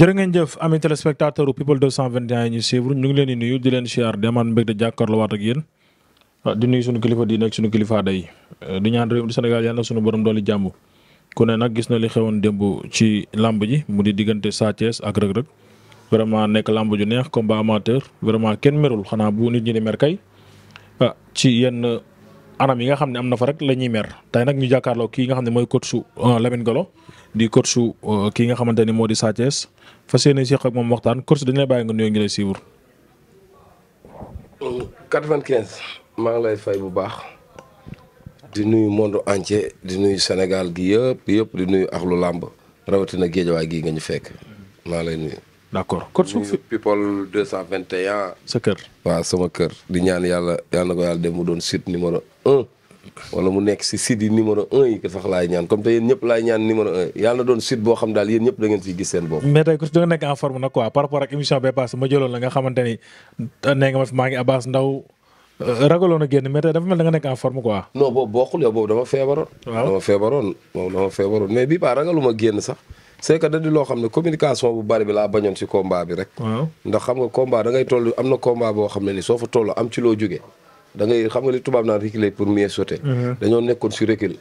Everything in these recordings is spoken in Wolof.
jërë ngeen jëf ami téléspectateur people 221 yi ñu suivre ñu ngi leen di nuyu di leen siyaar di amaat mbégte jàkkaarloo waat ak yéen ah, di nuyu suñu kilifa di nekk suñu kilifa day eh, di ñaan réew di Sénégal yàlla na suñu borom jàmm ku ne gis na li xewoon démb ci lamb ji mu di diggante Sa Thiès ak Reug Reug vraiment nekk lamb ju neex combat amateur vraiment kenn merul xanaa bu nit ñi di mer kay ah, ci yenn anam yi nga xam ne am na fa rek la ñuy mer tey nag ñu jàkkaarloo kii nga xam ne mooy coach su euh, Lamine di coach su euh, kii nga xamante ni moo di Sa Thiès fas yéene si ak moom waxtaan coach dañu lay bàyyi nga nuyoo ngi lay siiwur. Euh, maa ngi lay fay bu baax di nuyu monde entier di nuyu Sénégal gi yëpp yëpp di nuyu axlu làmb rawatina géej géejawaay gii nga ñu fekk maa lay nuyu. d' accord kon su fi people 221. sa kër. waaw sama kër di ñaan yàlla yàlla na dem mu doon site numéro un. wala mu nekk si site yi numéro un yi ko sax laay ñaan comme te yéen ñëpp laay ñaan numéro un yàlla doon site boo xam daal yéen ñëpp da ngeen ciy gis seen bopp. mais tey ku si da nga nekk en forme nag quoi par rapport ak émission bee passé ma jëloon la nga xamante ni nee nga ma fi maa ngi Abass Ndao euh, ragaloon a génn mais tey dafa mel da nekk en forme quoi. non boobu bokkul yow sax. c'est que da loo xam ne communication bu bari bi laa bañoon ci combat bi rek. ndax xam nga combat da ngay toll am na combat boo xam ne ni soo fa toll am ci loo jóge da ngay xam nga li tubaab naa reculer pour mieux sauter. Mhm. dañoo nekkoon ci recul.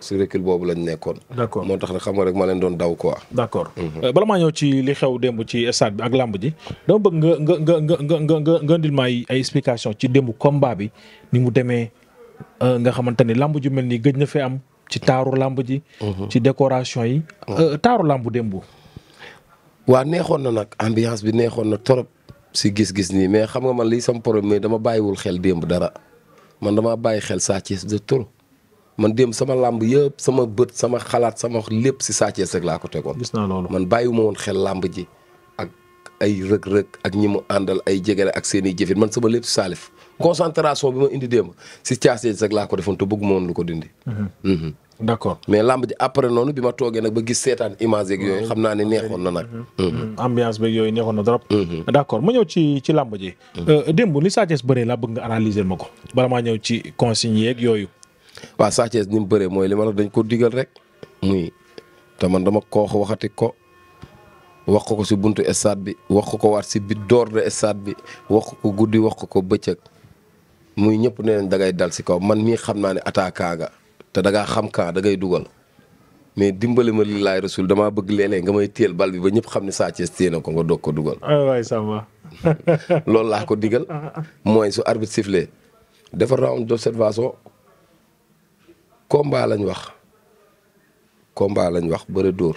si recul boobu lañ nekkoon. d' moo tax nag xam nga rek ma leen doon daw quoi. d' accord mhm. euh, bala maa ñëw ci li xew démb ci stade bi ak làmb ji dama bëgg nga nga nga nga nga nga nga ndil maay ay explication ci démb combat bi ni mu demee euh, nga xamante ni làmb ju mel nii gëj na fi am. ci taaru làmb ji. Mhm. ci décoration yi. Mhm. Euh, taaru làmb démb. waa neexoon na nag ambiance bi neexoon na trop si gis-gis nii mais xam nga man lii sama problème mais dama bàyyiwul xel démb dara man dama bàyyi xel Sa Thiès de trop man démb sama làmb yëpp sama bët sama xalaat sama lépp si Sa Thiès rek laa ko tegoon. gis naa loolu man bàyyiwuma woon xel làmb ji ak ay rëg-rëg ak ñi mu àndal ay jege jegere ak seeni i jëfin man sama lépp si concentration bi ma indi démb si caasee sax laa ko defoon te bëgguma lu ko dindi. Mhm. Mhm. d' mais làmb ji après noonu bi ma toogee nag ba gis seetaan image yooyu xam naa ne neexoon na nag. Mhm. ambiance beeg yooyu neexoon na trop. d' accord ma ñëw ci ci làmb ji. Euh, démb li Sa Thiès bëree laa bëgg nga analyser ma ko bala maa ñëw ci consignes yooyu. waaw Sa ni mu bëree mooy li ma la dañ ko digal rek muy te man dama koo waxati ko. wax ko ko si buntu stade bi wax ko ko waat si bi door de stade bi wax ko ko guddi wax ko ko bëccëg. muy ñëpp nee nañ da ngay dal si kaw man mii xam naa ne attaquant nga te dangaa xam kaa da ngay dugal mais dimbali ma li laay rasul damaa bëgg léeg nga may téel bal bi ba ñëpp xam ne Sa Thiès téye na ko nga doog ko dugal. Ah, waay loolu laa ko digal. mooy su arbitre sifflé dafa round d'observation combat lañ wax combat lañ wax bëre dóor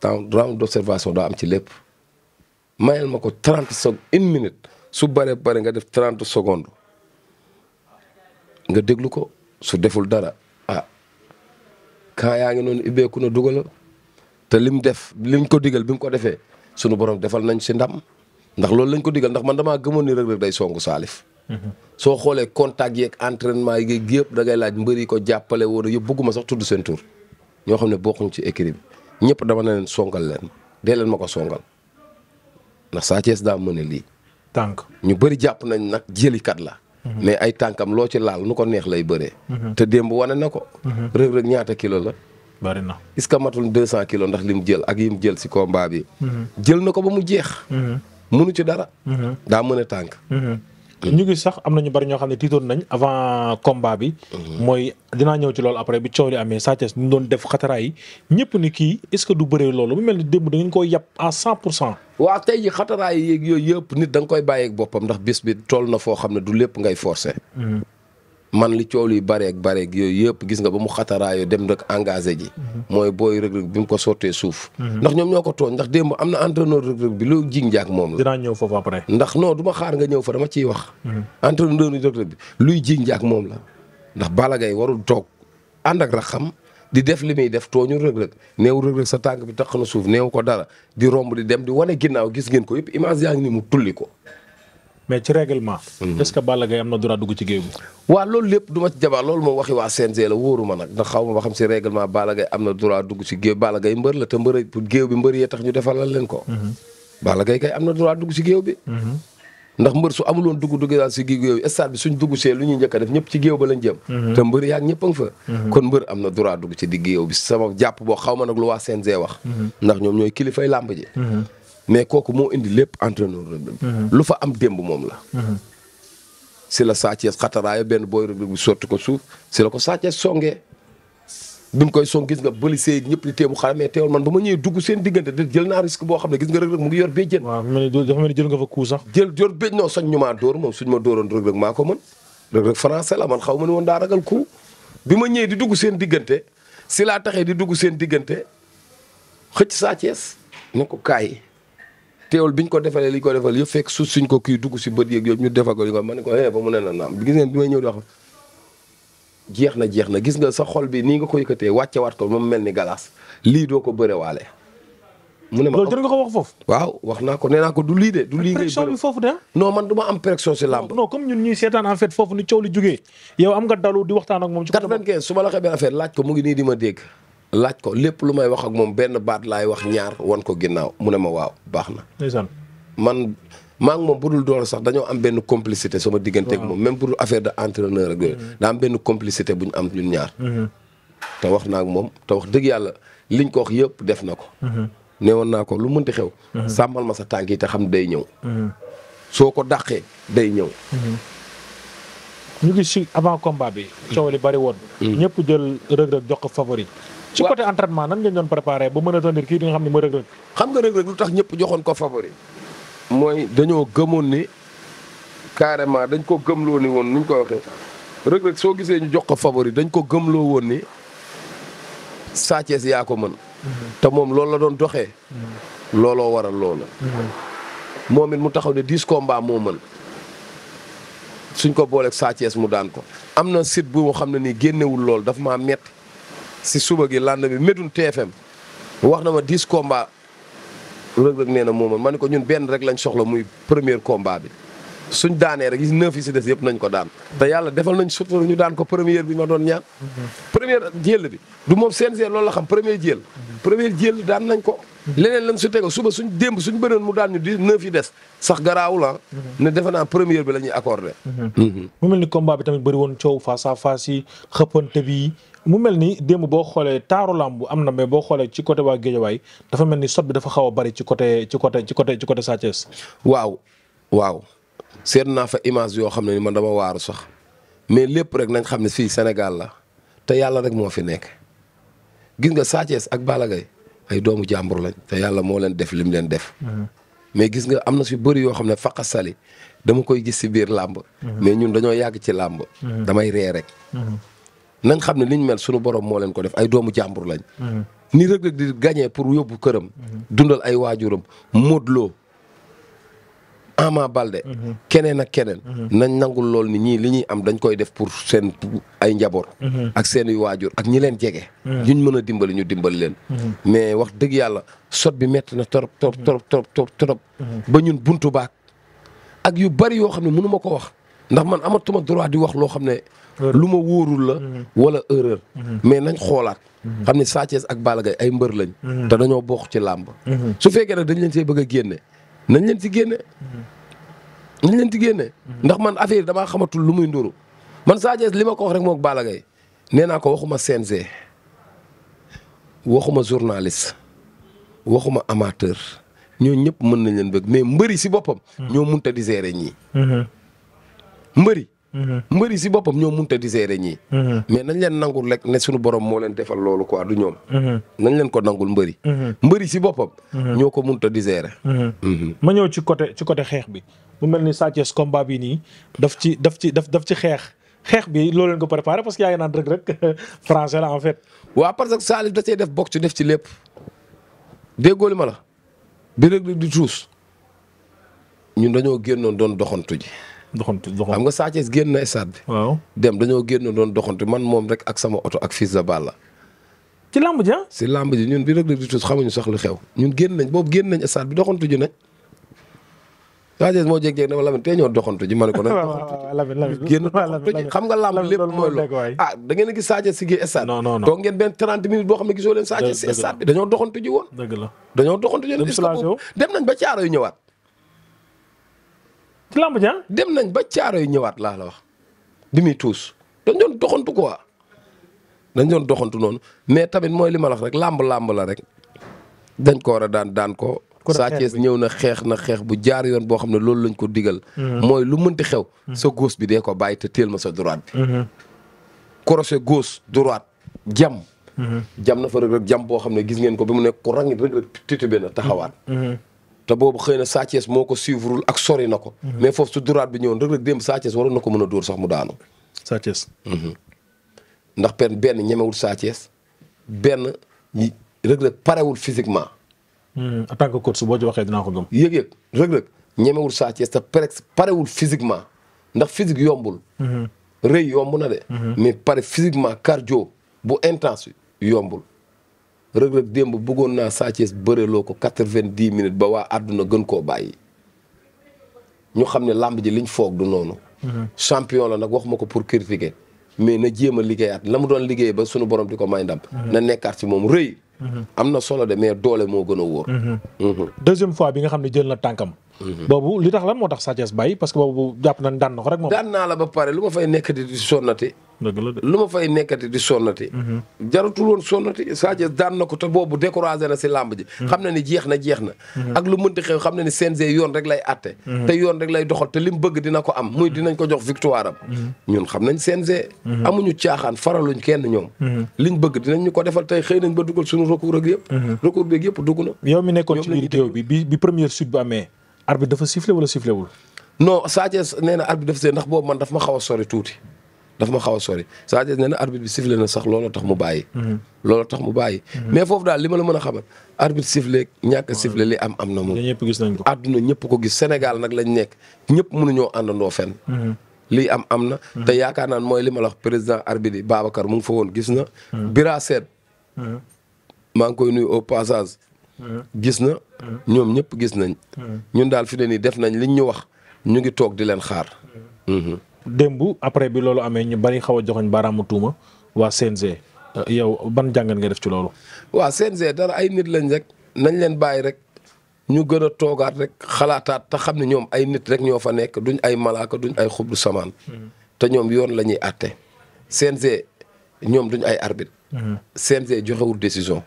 temps round d'observation daa am ci lépp mayel ma ko 30 secondes une minute su bare bari nga def 30 secondes. nga déglu ko su deful dara ah kaa yaa ngi noonu ubbeeku na dugal te lim def lim ko digal bi mu ko defee sunu borom defal nañ si ndam ndax loolu lañ ko digal ndax man damaa gëmoon ni Reug Reug day songu Salif. Mhm. soo xoolee contact yeeg entraînement yi yëpp da ngay laaj mbër yi ko jàppale woo yëpp bëgguma sax tudd seen tur ñoo xam ne bokkuñ ci écrit ñëpp dama na leen songal leen dee leen ma ko songal ndax Sa Thiès daa mën a lii. tànk ñu bëri jàpp nañ nag jëlikat la. mais ay tànkam loo ci laal nu ko neex lay bëree. te démb wane na ko. Reug Reug ñaata kilo la. bari na est-ce que matul 200 kilos ndax li mu jël ak yi mu jël si combat bi. Mhm. jël na ko ba mu jeex. mënu mhm. ci dara. Mhm. daa mën a tànk. ñu ngi sax am na ñu bari ñoo xam ne tiitoon nañ avant combat bi. Mhm. mooy dinaa ñëw ci loolu après bi coow li amee Sa Thiès ñu doon def xataraa yi ñëpp ni kii est-ce que du bëree loolu mu mel ni démb da koy yàpp à 100 pour cent. waa tey ji xataraa yi yooyu yëpp nit danga koy bàyyeeg boppam ndax bis bi toll na foo xam ne du lépp ngay forcer. Mhm. man li coow li bareeg bareeg yooyu yëpp gis nga ba mu xataraayoo dem rek engagé ji. mooy booy Reug Reug bi mu ko sottee suuf. ndax ñoom ñoo ko tooñ ndax démb am na entraîneur Reug Reug bi lu jig jaag moom la. ndax non du ma xaar nga ñëw fa dama ciy wax. Mhm. entraîneur Reug Reug bi luy jig jaag moom la ndax Balla Gaye warul toog ànd ak raxam di def li muy def tooñu Reug Reug néew Reug Reug sa tànk bi tax na suuf néew ko dara di romb di dem di wane ginnaaw gis ngeen ko yëpp image yaa ngi ni mu tulli ko. mais ci règlement. Mm-hmm. est-ce que Balla Gaye am na droit dugg ci géew bi. waaw lépp du ma ci jabaar loolu moom waxi waa CNG la wóoruma nag na droit dugg ci géew Balla Gaye mbër la te mbër géew bi mbër yee tax ñu defalal leen ko. Mm-hmm. Balla Gaye kay am na droit dugg ci géew bi. Mm-hmm. ndax mbër su amuloon dugg dugg daal si géew bi stade bi suñ dugg see lu ñuy njëkk a def ñëpp ci géew ba lañ jëm. te mbër yaa ñëpp a ngi fa. kon mbër am na droit dugg ci di géew bi sama jàpp boo xaw ma nag lu waa CNG wax. ndax ñoom ñooy kilifay làmb ji mais kooku moo indi lépp entraîneur rëbb mhm. lu fa am démb moom la mhm. si la Sa Thiès xataraayo benn booy rëbb bu sotti ko suuf si la ko Sa Thiès songee bi mu koy song gis nga bëli seeg ñëpp li téemu xale mais teewul man ba ma ñëwee dugg seen diggante de jël naa risque boo xam ne gis nga rëg-rëg mu ngi yor bee jën ni jël nga fa kuu sax jël yor bee non soñ ñu maa dóor moom suñ ma dóoroon rëg-rëg maa ko mën rëg-rëg français la man xaw ma ne woon daa ragal kuu bi ma ñëwee di dugg seen diggante si laa taxee di dugg seen diggante xëcc Sa Thiès ne teewul bi ñu ko defalee li ñu ko defal yëpp fekk suuf suñ ko kii dugg si bët yeeg yëpp ñu defal ko eh, na jeex na gis nga sa xol bi nii nga ko yëkkatee wàcce waat ko moom mel ni galaas lii doo ko bërewaale. mu ne ma loolu dëgg nga ko wax foofu. waaw wax naa ko nee naa ko ah? man du ma am pression si làmb. non comme ñun ñuy seetaan en fait foofu ni coow li jugee yow am nga dalu di waxtaan ak moom. ci 95 su ma la xamee affaire laaj ko mu ngi nii di ma dégg laaj ko lépp lu may wax ak moom benn baat laay wax ñaar wan ko ginnaaw mu ne ma waaw baax na. ndeysaan man maa ngi moom bu dul doole sax dañoo am benn complicité sama diggante ak moom même bu dul affaire de entraîneur ak mm-hmm. daa am benn complicité bu ñu am ñun ñaar. Mm-hmm. te wax naa ak moom te wax dëgg yàlla liñ ko wax yëpp def na ko. Mm-hmm. neewoon naa ko lu mënti xew. sàmmal ma sa tànk yi te xam day ñëw. soo ko dàqee day ñëw. ñu gis si avant combat bi. coow bari woon. ñëpp jël Reug Reug ko favori. ci côté entraînement nan ngeen doon préparé ba mën a tenir kii di nga xam ne mooy Reug Reug xam nga Reug Reug lu tax ñëpp joxoon ko favori mooy dañoo gëmoon ni carrément dañ ko gëmloo ni woon nuñ ko waxee Reug soo gisee ñu jox ko favori dañ ko gëmloo woon ni Sa yaa ko mën mhm. te moom loolu la doon doxee mhm. looloo waral loola mhm. moom it mu taxaw ne dix mbaa moo mën suñ ko booleeg Sa mu daan ko am na site bu xam ne nii génnewul lool daf maa metti si suba gi lànd bi Médoune TFM wax na ma 10 combats Reug Reug nee na moom ma ne ko ñun benn rek lañ soxla muy premier combat bi suñ daanee rek yi neuf yi si des yëpp nañ ko daan te yàlla defal nañ sutura ñu daan ko première bi ma doon ñaan. Mhm. première jël bi du moom seen loolu la xam premier jël. première jël daan nañ ko. leneen lañ su tego suba suñ démb suñ bënoon mu daan ñu di neuf yi des sax garaawul ah. ne defe naa première bi la ñuy accordé. mu mel ni combat bi tamit bëri woon coow face à face yi xëppante bi mu mel ni démb boo xoolee taaru làmb am na mais boo xoolee ci côté waa Géejawaay dafa mel ni sot bi dafa xaw a bëri ci côté ci côté ci côté ci côté Sa waaw waaw seet naa fa image yoo xam ne man dama waaru sax mais lépp rek nañ xam ne fii Sénégal la te yàlla rek moo fi nekk. gis nga Sa Thiès ak Balla Gaye ay doomu jàmbur lañ te yàlla moo leen def lim leen def. Mhm. mais gis nga am na si bëri yoo xam ne faqa sali dama koy gis si biir làmb mhm. mais ñun dañoo yàgg ci làmb mhm. damay ree rek. nañ xam ne liñ mel sunu borom moo leen ko def ay doomu jàmbur lañ. ni Reug Reug di gagné pour yóbbu këram. dundal ay waajuram Modou Lo Ama Balde. keneen ak keneen. nañ nangul lool ni ñii li ñuy am dañ koy def pour seen ay njaboot. ak seen i waajur ak ñi leen jege. ñu mën a dimbali ñu dimbali leen. mais wax dëgg yàlla sot bi mett na trop trop trop trop trop trop. ba ñun buntu baak ak yu bari yoo xam ne mënuma ko wax ndax man amatuma droit di wax loo xam ne. lu ma wóorul la. Mhm. wala erreur. Mhm. mais nañ xoolaat. Mhm. xam ne Sa ak Balla Gaye ay mbër lañ. te dañoo bokk ci làmb. su fekkee nag dañ leen see bëgg nañ leen si génne. nañ leen ci génne. Hmm. Hmm. ndax man affaire damaa xamatul lu muy nduru man Sa Thiès li ma ko wax rek moog Balla nee naa ko waxuma CNG waxuma journaliste waxuma amateur ñoo ñëpp mën nañ leen bëgg mais mbëri si boppam. Hmm. ñoo mënut a di gérer ñii. mbëri Mm-hmm. mbëri si boppam ñoo mënut a di ñii. Mm-hmm. mais nañ leen nangul rek ne suñu borom moo leen defal loolu ko du ñoom. Mm-hmm. nañ leen ko nangul mbëri. mbëri si boppam. ñoo ko mënut a di ma ñëw ci côté ci côté xeex bi mu mel ni Sa Thiès combat bi nii daf ci daf ci daf daf ci xeex xeex bi loo leen ko préparé parce que yaa ngi naan rek rek français la en fait. parce que Salif da cee def bokk ci def ci lépp déggoo li ma la bi rek di tuus ñun dañoo génnoon doon doxantu ji. doxantu doxantu xam nga Sa Thiès génn na stade bi. waaw dem dañoo génn doon doxantu man moom rek ak sama oto ak Fils de Balla. ci làmb ji ah. si làmb ji ñun bi rek di tuus xamuñu sax lu xew ñun génn nañ boobu génn nañ stade bi doxantu ji nañ. Sa Thiès moo ji ma ne ko. waaw waaw Lamine Lamine génn doxantu ji xam nga làmb ah, ngeen a gis Sa Thiès si géej benn 30 minutes boo xam ne gisoo leen Sa Thiès si stade bi dañoo doxantu ji woon. dëgg dañoo doxantu ji woon. dem nañ ba caaro yu ñëwaat ci lamb ji ah. dem nañ ba caaro yu ñëwaat laa la wax bi muy tuus dañ doon ko quoi dañ doon doxantu noonu mais tamit mooy li ma la wax rek làmb làmb la rek dañ ko war a daan daan ko. Sa Thiès ñëw na xeex na xeex bu jaar yoon boo xam ne loolu lañ ko digal. Mm-hmm. mooy lu mënti xew. Mm-hmm. sa gauche bi dee ko bàyyi te téel ma sa droite bi. Mm-hmm. crochet gauche droite jam. jam na fa rëg rëg jam boo xam ne gis ngeen ko ba mu nekk ku rangit rëg rëg titubé na taxawaat. te boobu xëy na Sa moo ko suivrul ak sori na ko. Mhm. mais foofu su duraat bi ñëwoon Reug Reug Sa Thiès a Sa mhm. ndax benn benn ñemewul Sa Thiès benn ñi Reug Reug parewul physiquement. Mhm. en tant que coach boo ci waxee dinaa ko gëm. yëg-yëg Reug Reug ñemewul Sa Thiès te parewul physiquement ndax physique yombul. rëy yomb na de. mais pare physiquement cardio bu intense yombul. Reug Reug démb bëggoon naa Sa Thiès bëreloo ko quatre-vingt-dix minutes ba waa àdduna gën koo bàyyi ñu xam ne làmb ji liñ foog du noonu. Mhm. champion la nag waxuma ko pour critiquer mais na jéem a liggéeyaat la mu doon liggéey ba sunu borom di ko may ndam. Mhm. na nekkaat ci moom rëy. Mhm. am na solo de mais doole moo gën a wóor. deuxième fois bi nga xam ne jël na tànkam. Mhm. boobu li tax lan moo tax Sa bàyyi parce que boobu jàpp nañ daan na ko rek moom. daan naa la ba pare lu ma fay nekkati di sonnati. dëgg la de lu ma fay nekkati di sonnati. Mhm. jarutul woon sonnati Sa Thiès daan na ko te boobu découragé na si làmb ji. Mhm. xam na ni jeex na jeex na. ak lu mënti xew xam na ni CNG yoon rek lay atte. te yoon rek lay doxal te li bëgg dina ko am muy dinañ ko jox victoire am. ñun xam nañ CNG. amuñu caaxaan faraluñ kenn ñoom. liñ bëgg dinañ ñu ko arbitre dafa sifflé wala sifflé wul. non Sa Thiès nee na arbitre dafa sifflé ndax boobu man daf ma xaw a sori tuuti daf ma xaw a sori Sa Thiès nee na bi sifflé na sax looloo tax mu bàyyi. Mhm. looloo tax mu bàyyi. Mhm. mais foofu daal li ma la mën a xamal arbitre sifflé ñàkk a sifflé li am am na moom. ñëpp gis nañ ko àdduna ñëpp ko gis Sénégal nag lañ nekk ñëpp mënuñoo àndandoo fenn. Mhm. lii am am na. te yaakaar naan mooy li ma la wax président arbitre yi Babacar mu ngi fa woon gis na. Bira Sène. maa ngi koy nuyu au passage. gis na ñoom ñëpp gis nañ ñun daal fi ne nii def nañ liñ ñu wax ñu ngi toog di leen xaar mhm. démb après bi loolu amee ñu bari xaw a joxoñ baaraamu tuuma waa CNG ah. yow ban jàngat nga def ci loolu waa CNG dara ay nit lañ rek nañ leen bàyyi rek ñu gën a toogaat rek xalaataat ta xam ne ñoom ay nit rek ñoo fa nekk duñ ay malaaka duñ ay xublu samaan mhm. te ñoom yoon lañuy ñuy àtte CNG ñoom duñ ay arbitre mhm. CNG joxewul décision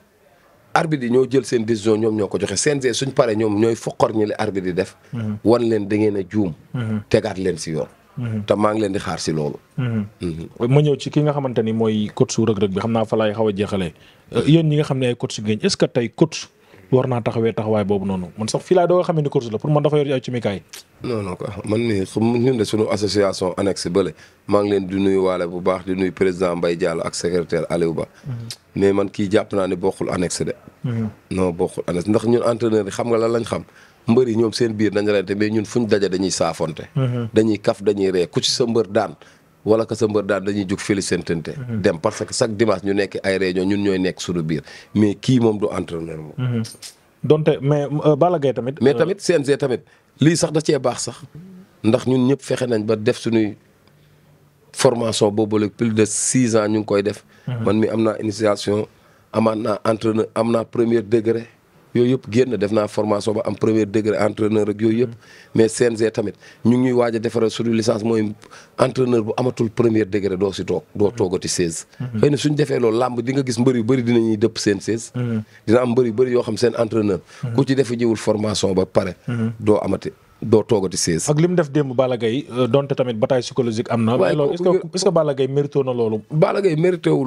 arbitre yi ñoo jël seen décision ñoom ñoo ko joxe CNG suñ paree ñoom ñooy foqor ñi li yi def. Mm-hmm. wan leen da a juum. Mm-hmm. tegaat leen si yoon. Mm-hmm. te maa ngi leen di xaar si loolu. ma ñëw ci ki nga xamante mooy coach su Reug Reug bi xam naa fa xaw a jeexalee. Euh, yéen nga xam ne ay coach ngeen est-ce tey coach war naa taxawee taxawaay boobu noonu man sax fii laa doo nga xamee ni course la pour man dafa yor ay cimikaay. non non quoi man nii suñu association annexe bële bu baax di nuyu président Mbaye Diallo ak secrétaire Ba. Mhm. mais man kii jàpp naa ne bokkul annexe de. Mhm. non bokkul annexe ndax ñun entraîneur yi xam nga la lañ xam. mbër yi ñoom seen biir dañ rente mais ñun fuñ daje dañuy saafonte. Mhm. dañuy kaf dañuy ree ku ci sa mbër daan wala que sa mbër daan dañuy jug félicitante mhm. dem parce que chaque dimanche ñu nekk ay réunion ñun ñooy nekk suñu biir mais kii moom du entraîneur moom. Mhm. donte mais euh, Balla Gaye tamit. mais euh, tamit CNG tamit lii sax da cee baax sax ndax ñun ñëpp fexe nañ ba def suñuy formation boobu la plus de six ans ñu ngi koy def. Mhm. man mi am naa initiation amaat naa entraîneur am naa première degré. yooyu yëpp génn def naa formation ba am premier degré entraîneur ak yooyu yëpp mais CNG tamit ñu ñuy waaj a defaral suñu licence mooy entraîneur bu amatul premier degré doo si toog doo toogati 16. Mhm. Mhm. Mhm. ak li def démb Balla euh, donte tamit bataille psychologique am na. waaye est-ce que na loolu. Balla Gaye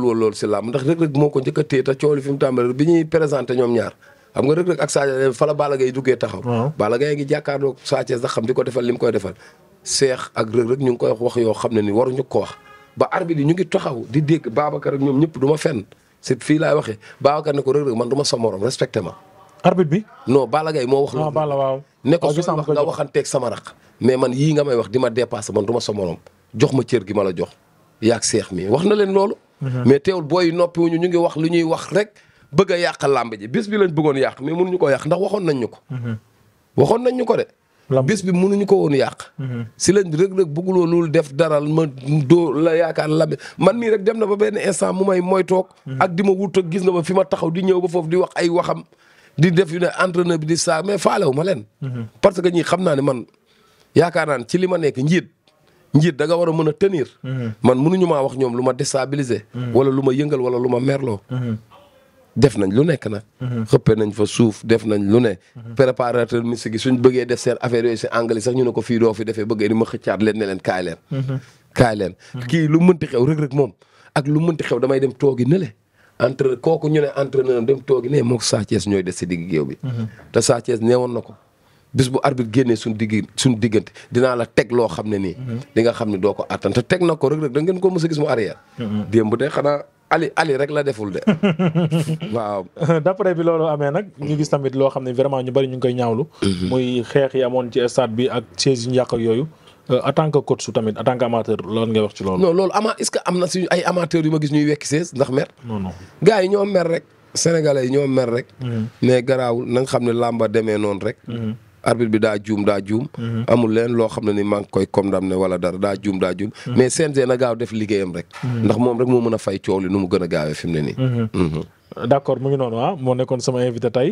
loolu si làmb ndax Reug Reug moo ko njëkk a téye fi mu tàmbalee bi ñuy présenté ñoom ñaar. xam nga rëg-rëg ak Sadio fa la Balla Gaye duggee taxaw Balla Gaye ngi jàkkaarloo Sa Thiès sax xam di ko defal li mu koy defal seex ak rëg-rëg ñu ngi koy wax yoo xam ne ni waruñu ko wax ba arbitre yi ñu ngi taxaw di dégg Babacar ak ñoom ñëpp du ma fenn c'est fii laay waxee Babacar ne ko rëg-rëg man du ma sa morom respecté ma arbitre bi non Balla Gaye moo wax ah, la waaw ne ko soo wax nga waxanteeg sama raq mais man yii nga may wax di ma dépassé man du ma sa morom jox ma cër gi ma la jox yaag seex mi wax na leen loolu mhm. mais teewul booy noppiwuñu ñu ngi wax lu ñuy wax rek bëgg a yàq làmb ji bis bi lañ bëggoon yàq mais mënuñu ko yàq ndax waxoon nañ ñu ko. Mhm. waxoon nañ ñu ko de. bis bi mënuñu ko woon yàq. Mhm. si lañ rëg-rëg bëgguloo loolu def dara ma doo la yaakaar labe man mii rek dem na ba benn instant mu may mooy toog. Mhm. ak di ma wut ak gis na ma fi ma taxaw di ñëw ba foofu di wax ay waxam di def yu ne entraîneur bi di saa mais faalewu ma leen. parce que ñii xam naa ne man yaakaar naa ne ci li ma nekk njiit. njiit da nga war a mën a tenir. man mënuñu maa wax ñoom lu ma déstabiliser. wala lu ma yëngal wala lu ma merloo. def nañ lu nekk nag. Mhm. xëppee nañ fa suuf def nañ lu ne. Mhm. préparateur musique yi suñ bëggee def seen affaire yooyu si anglais sax ñu ne ko fii doo fi defee bëggee ni ma xëccaat ne leen kaay leen. Mhm. ñu ne entraîneur dem toogi ne moog Sa Thiès ñooy des Sa Thiès neewoon na ko. bis bu arbitre génnee suñ digg suñ diggante dinaa la teg loo xam ne nii. di nga xam ne doo ko attan te teg na ko rëg rëg da ngeen ko mës a gis mu arrière. démb de xanaa. Ali Ali rek la deful de waaw. d'après bi loolu amee nag ñu gis tamit loo xam ne vraiment ñu bari ñu ngi koy ñaawlu. Mhm. muy xeex yi amoon ci stade bi ak chaise yu njàq ak yooyu. Euh, en tant que coach su tamit en tant que amateur loolu ngay wax ci loolu. non loolu ama est-ce que am na suñu ay amateurs yu ma gis ñuy wekk chaise ndax mer. non non gars yi ñoo mer rek. sénégalais yi mer rek. Mhm. mais garaawul na xam ne làmba demee noonu rek. Mhm. arbitre bi daa juum daa juum. Mhm. amul leen loo xam ne ni maa ngi koy condamné wala dara daa juum daa juum. Mhm. mais CNG na gaaw def liggéeyam rek. Mhm. ndax moom rek moo mën a fay coow li nu mu gën a gaawee fi ne nii. d'accord mu ngi noonu ah moo nekkoon sama invité tey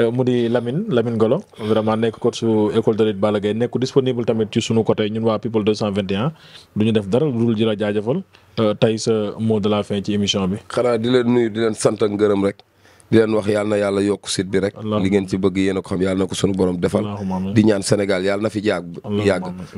euh, mu di Lamine Lamine Golo vraiment nekk coach su école de lutte Balla Gaye nekk disponible tamit ci sunu côté ñun waa People 221 du ñu def dara lu dul ji la jaajëfal euh, tey sa mot de la fin ci émission bi. xanaa di leen di leen sant di leen wax yàlla yàlla yokk sit bi rek li ngeen ci bëgg yéen a ko xam yàlla na ko sunu borom defal di ñaan Sénégal yàlla na fi yàgg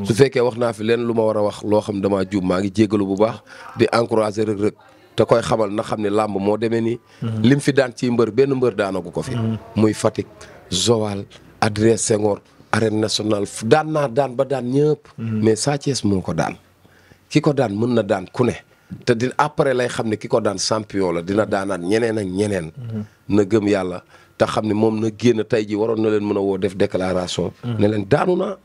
su fekkee wax naa fi leen lu ma war a wax loo xam damaa juum maa ngi jégalu bu baax di encourager Reug Reug te koy xamal na xam ne làmb moo demee nii mhm. lim fi daan ci mbër benn mbër daanagu ko fi mhm. muy Fatick Joal Adrien Senghor arène nationale daan naa daan ba daan ñëpp mhm. mais Sa Thiès moo ko daan ki ko daan mën na daan ku ne te di après lay xam ne ki ko daan champion la dina daanaat ñeneen ak ñeneen. na gëm yàlla te xam ne moom na génn tey ji waroon na leen mën a woo def déclaration. Mm-hmm. ne leen daanu naa.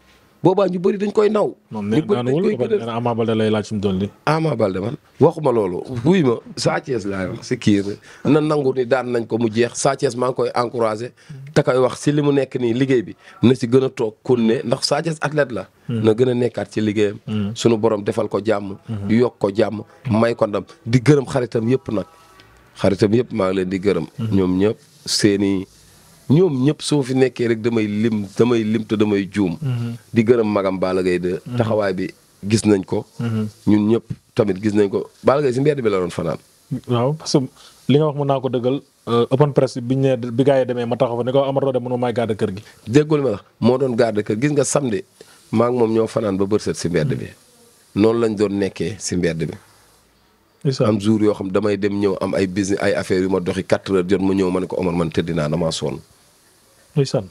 boobaa ñu bëri dañ koy naw. ñu bëri dañ koy gën a Ama Balde lay laaj fi mu doon li Ama Balde man waxuma loolu. buy ma Sa Thiès laay wax si kii na nangu ni daan nañ ko mu jeex Sa Thiès maa ngi koy encouragé. te koy wax si li mu nekk nii liggéey bi na si gën a toog kon ne ndax Sa Thiès la. Hmm. na gën a nekkaat ci liggéeyam. Hmm. sunu borom defal ko jàmm. Hmm. yokk ko jàmm may ko ndam di gërëm xaritam yëpp nag. xaritam yëpp maa ngi leen di gërëm. ñoom ñëpp seeni ñoom ñëpp soo fi nekkee rek damay lim damay lim te damay juum. Mhm. di gërëm magam Balla Gaye de mhm. taxawaay bi gis nañ ko. Mhm. ñun ñëpp tamit gis nañ ko Balla si mbedd bi la doon fanaan. waaw parce li nga wax mën naa ko dëggal euh, open press bi ñu ne bi gars yi demee ma taxaw fa ne ko Amar Rodé mënoo may garde kër gi. déggul ma la moo doon garde kër gis maa moom ñoo fanaan ba bërset si mbedd bi noonu lañ doon nekkee si mbedd bi. am jour yoo xam damay dem ñëw am ay business ay affaires yu ma doxi quatre heures jot ma ñëw ma ne ko Omar man tëdd naa damaa sonn.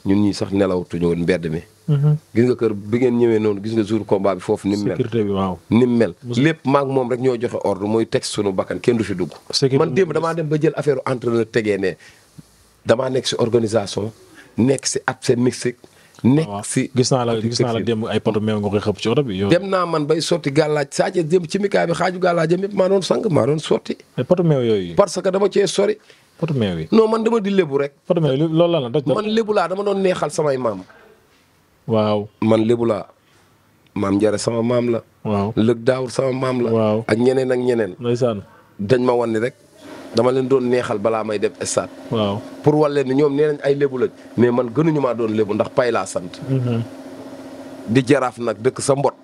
ñun ñii sax nelawtuñu woon mbedd mi. Mm-hmm. gis nga kër bi ngeen ñëwee noonu gis nga jour combat bi foofu ni mel lépp maag moom rek ñoo joxe ordre mooy teg sunu bakkan kenn du fi dugg man démb damaa dem ba jël affaire entraîneur tegee ne damaa nekk si organisation nekk si ab sa mystique nekk si gis naa la gis naa la démb ay poto meew nga koy xëpp ci oto bi dem naa man bay sotti gàllaaj saaje démb ci mikaay bi xaaju gàllaaj yëpp maa doon sang maa doon sotti parce que dama poto meew yi non man dama di lébu rek. poto meew la la man lébu laa dama neexal samay maam. waaw man lébu maam Jara sama maam la. waaw Lëg Daawur sama maam la. ak ñeneen ak ñeneen. ndeysaan dañ ma wan ni rek. dama leen doon neexal balaa may dem stade. pour wàll leen ni ñoom nee nañ ay lébu lañ. mais man gënuñu maa doon lébu ndax pay laa sant. Mhm. di jaraaf nag dëkk sa mbot.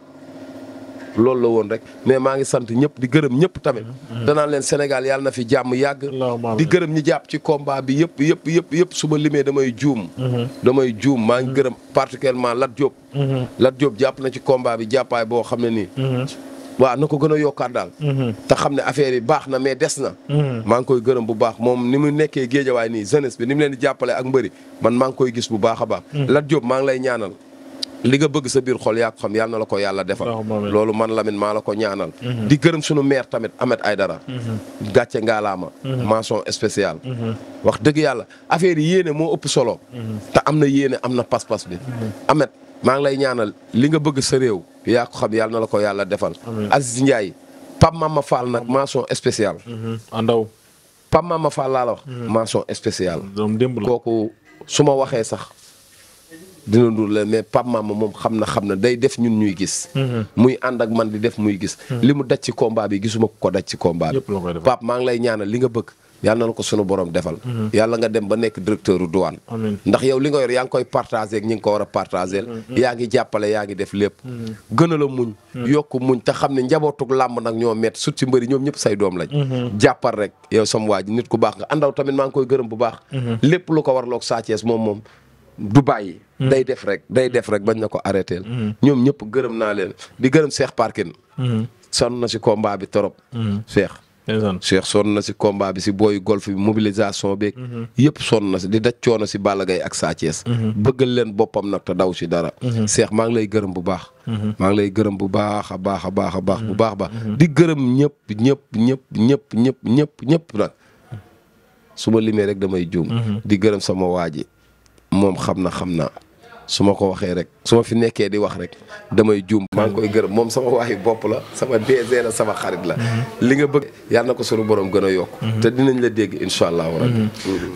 loolu la woon rek mais maa ngi sant ñëpp di gërëm ñëpp tamit. Mm-hmm. danaan leen Sénégal yàlla na fi jàmm yàgg. di gërëm ñi jàpp ci combat bi yëpp yëpp yëpp yëpp su ma limee damay juum. Mm-hmm. damay juum maa ngi gërëm particulièrement Lat Diop. Mm-hmm. Lat Diop jàpp na ci combat bi jàppaay boo xam ne nii. waaw na ko gën a yokkaat daal. te xam ne affaire baax na mais des na. maa ngi koy gërëm bu baax moom ni mu nekkee géejawaay nii jeunesse bi ni mu leen di jàppale ak mbëri man maa ngi koy gis bu baax a li nga bëgg sa biir xol yaa ko xam yàlla na la ko yàlla defal loolu man Lamine maa la ko ñaanal mhm. di gërëm sunu maire tamit Ahmed Aïdara mhm. gàcce ngaalaama mhm. mention spéciale wax dëgg yàlla affaire yi moo ëpp solo te am na yéene am na pas-pas bi Ahmed maa lay ñaanal li nga bëgg sa réew yaa ko xam yàlla na la ko yàlla defal Aziz Ndiaye Pape Mama Fall nag mention spéciale andaw Pape Mama Fall laa la wax kooku su ma waxee sax dina ndur la mais Pape Mama moom xam na xam na day def ñun ñuy gis. Mhm. muy ànd ak man di def muy gis. Mhm. li mu daj ci combat bi gisuma ko daj ci combat bi. Pape maa ngi lay ñaana li nga bëgg. yàlla na ko sunu borom defal. Mhm. yàlla nga dem ba nekk directeur u ndax yow li nga yor yaa ngi koy partagé ñi nga ko war a partagé. yaa ngi jàppale yaa ngi def lépp. gën a la muñ. yokk muñ te xam ne njabootug làmb nag ñoo met sut ci mbëri ñoom ñëpp say doom lañ. jàppal rek yow sam waa ji nit baax nga àndaw tamit maa ngi koy gërëm bu baax. lépp lu ko waraloon ak Sa Thiès moom moom du bàyyi. Mm. day def rek day def rek bañ na ko arrêté. Mm. ñoom ñëpp gërëm naa leen di gërëm Cheikh Parkin. Mm. sonn na si combat bi trop. Cheikh. Cheikh na si combat bi si booyu golf bi mobilisation beeg. Mm-hmm. yëpp sonn na si di daj coono si Balla Gaye ak Sa Thiès. Mm-hmm. bëggal leen boppam nag te daw si dara. Mm-hmm. Cheikh maa ngi lay gërëm bu baax. maa ngi lay bu baax a baax a baax bu baax baax. di gërëm ñëpp ñëpp ñëpp ñëpp ñëpp ñëpp ñëpp nag. su ma limee rek damay juum. di gërëm sama waa moom xam na xam naa. su ma ko waxee rek su ma fi nekkee di wax rek damay juum. maa ngi koy gërëm moom sama waayu bopp la sama DG la sama xarit la. Mm-hmm. li nga bëgg yàlla na ko sunu boroom gën a yokk. Mm-hmm. te dinañ la dégg incha allahu rabbi. Mm-hmm.